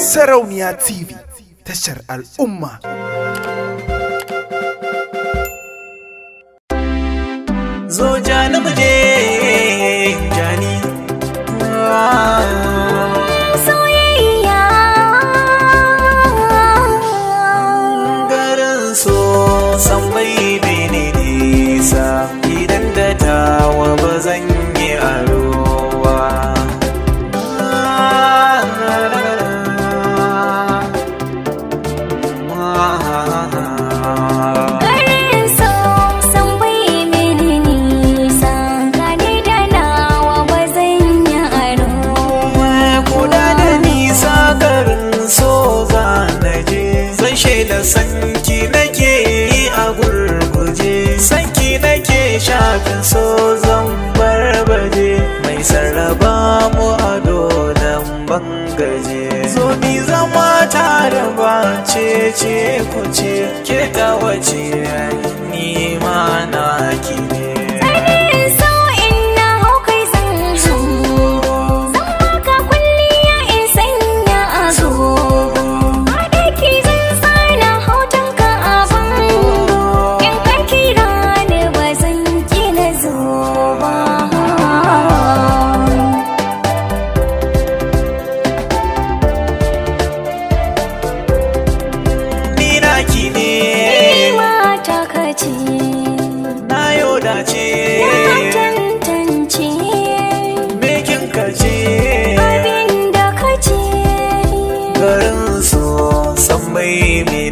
Sarauniya TV tashar al'umma. Zo ja na muje jani. Soyayya. Garin so san ce ce ku ce ke ta wace ni ma na ki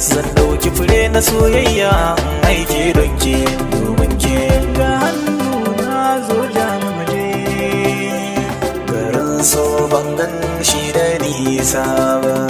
zan ɗauki fure na soyayya aike don ke domin ke ga hannu na zo da muje garin so ban shi da nisa ba